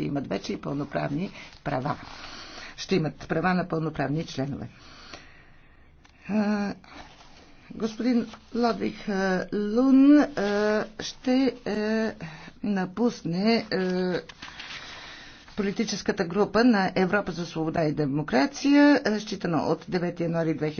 ще имат вече и пълноправни права. Ще имат права на пълноправни членове. Господин Лодвих Лун ще напусне политическата група на Европа за свобода и демокрация, считано от 9 януари 2000.